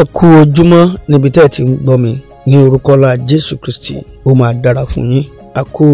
ẹ kú ojúmọ́ níbi tẹ́ ẹ ti ń gbọ́ mi ní orúkọ la jésù kristi ó máa dára fún yín a kú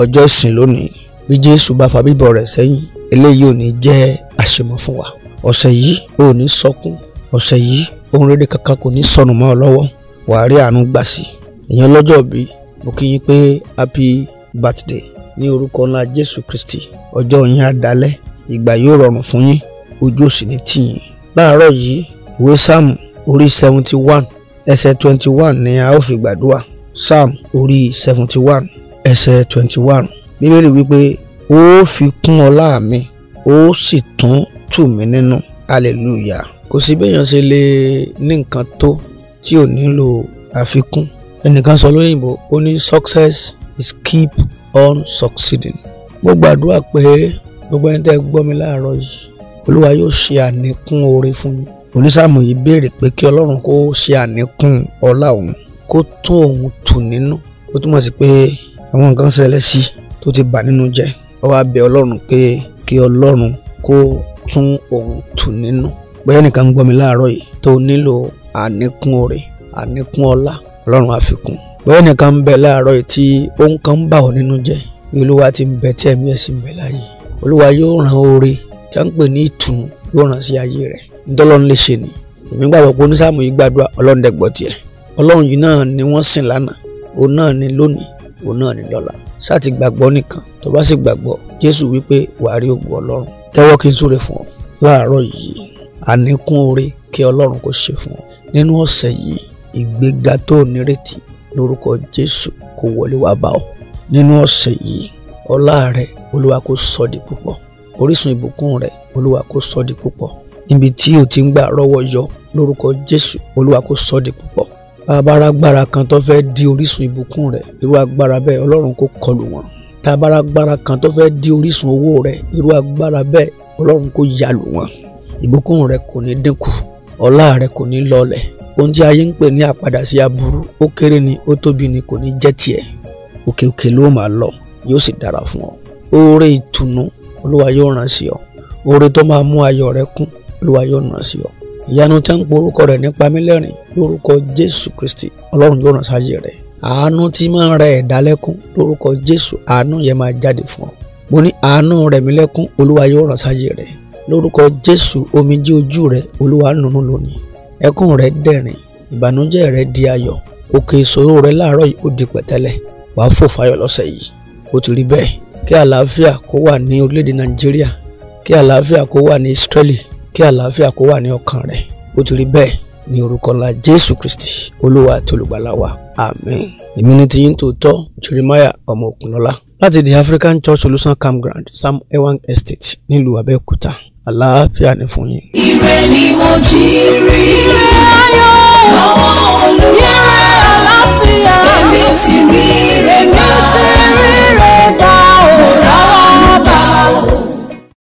ọjọ́ ìsìn lónìí bí jésù bá fa bíbọ̀ rẹ̀ sẹ́yìn eléyìí ò ní jẹ́ àṣemọ́ fún wa ọ̀sẹ̀ yìí ò ní sọkún ọ̀sẹ̀ yìí ohun rere kankan kò ní sọnù mọ́ ọ lọ́wọ́ wàá rí àánú gbà sí ìyẹn lọ́jọ́ bí mo kí yín pé happy birthday ní orúkọ ńlá jésù kristi ọjọ́ yín á dalẹ̀ ìgbà yóò rọrùn fún yín ojú òsì ní tì yín láàárọ̀ yìí ìwé orí seventy one ẹsẹ̀ twenty one ni a ó fi gbàdúrà psalm orí seventy one ẹsẹ̀ twenty one bíbélì wípé ó fi kún ọlá mi ó sì tún tù mí nínú hallelujah kò sí béèyàn ṣe lè ní nǹkan tó tí ò nílò àfikún ẹnìkan sọ lóyìnbó ó ní success is keep on succeeding mo gbàdúrà pé gbogbo ẹni tẹ́ gbọ́ mi láàárọ̀ yìí olúwa yóò ṣe àníkún oore fún mi onísáàmù yìí béèrè pé kí ọlọ́run kó ṣe àníkún ọlá òun kó tún òun tù nínú ó túmọ̀ sí pé àwọn nǹkan ṣẹlẹ̀ sí tó ti bà nínú jẹ́ ó wá bẹ ọlọ́run pé kí ọlọ́run kó tún òun tù nínú bóyá nìkan ń gbọ́ mi láàárọ̀ yìí tó nílò àníkún oore àníkún ọlá ọlọ́run àfikún bóyá nìkan ń bẹ láàárọ̀ yìí tí ohun kan ń bà ọ́ nínú jẹ́ bí olúwa ti ń bẹ tí ẹ̀mí ẹ̀ sì ń bẹ láàyè olúwa yóò rán oore tí a ń pè ní ìtùnú yóò rán sí ayé rẹ̀ ntọ́lọ́run lè ṣe ni èmi gbàgbọ́ pé onísàmù yìí gbàdúrà ọlọ́run dẹ̀ gbọ́ tiẹ̀ ọlọ́run yìí náà ni wọ́n sìn lánàá òun náà ni lónìí òun náà ni lọ́la ṣáà ti gbàgbọ́ nìkan tó bá sì gbàgbọ́ jésù wípé wàá rí ògùn ọlọ́run tẹ́wọ́ kí n súre fún ọ láàárọ̀ yìí àníkún oore kí ọlọ́run kó ṣe fún ọ nínú ọ̀sẹ̀ yìí ìgbéga tó nírètí lórúkọ jésù kó wọlé wá bá ọ nínú ọ̀sẹ̀ yìí ọlá rẹ olúwa kó sọ di púpọ̀ orísun ìbùkún rẹ olúwa kó sọ di púpọ̀ níbi tí o ti ń gbà rọ́wọ́ yọ lórúkọ Jésù Olúwa kò sọ di púpọ̀ bàbá arágbára kan tó fẹ́ di orísun ìbùkún rẹ irú agbára bẹ́ẹ̀ Ọlọ́run kò kọlù wọn tabaragbára kan tó fẹ́ di orísun owó rẹ irú agbára bẹ́ẹ̀ Ọlọ́run kò yàlù wọn ìbùkún rẹ kò ní dínkù ọlá rẹ kò ní lọlẹ̀ ohun tí ayé ń pè ní àpadà sí aburú ó kéré ni ó tóbi ni kò ní jẹ́ tiẹ̀ òkè òkè ló máa lọ yóò sì dára fún ọ oore ìtùnú Olúwa yóò rán sí ọ oore tó máa mú ayọ̀ rẹ kún olúwa yóò ràn sí ọ ìyanu tẹ́ ń porúkọ rẹ̀ nípa mílẹ̀rìn lórúkọ jésù kristi ọlọ́run yóò ràn sáyé rẹ̀ àánú tí máa ń rẹ ẹ̀dá lẹ́kún lórúkọ jésù àánú yẹn máa jáde fún ọ mo ní àánú rẹ̀ mí lẹ́kún olúwa yóò ràn sáyé rẹ̀ lórúkọ jésù omijé ojú rẹ̀ olúwa nùnú lónìí ẹkún rẹ̀ dẹ̀rìn ìbànújẹ́ rẹ̀ di ayọ̀ òkè ìṣòro rẹ̀ láàárọ̀ yìí ó di pẹ̀tẹ́lẹ̀ wàá fò fáyọ̀ lọ́sẹ̀ yìí ó ti rí bẹ́ẹ̀ kí àlàáfíà kó wà ní orílẹ̀ nàìjíríà kí àlàáfíà kó wà ní ísírẹ́lì kí àlàáfíà kó wà ní ọkàn rẹ ó ti rí bẹ́ẹ̀ ní orúkọ ńlá jésù kristi olúwa àti olùgbàlà amen. èmi ni ti yín tòótọ́ jeremiah ọmọ òkunlọ́lá láti the african church solution campground sam Ewan estate nílùú abẹ́òkúta àlàáfíà ni fún yín. ire ni mo jí rí ayọ̀ lọ́wọ́.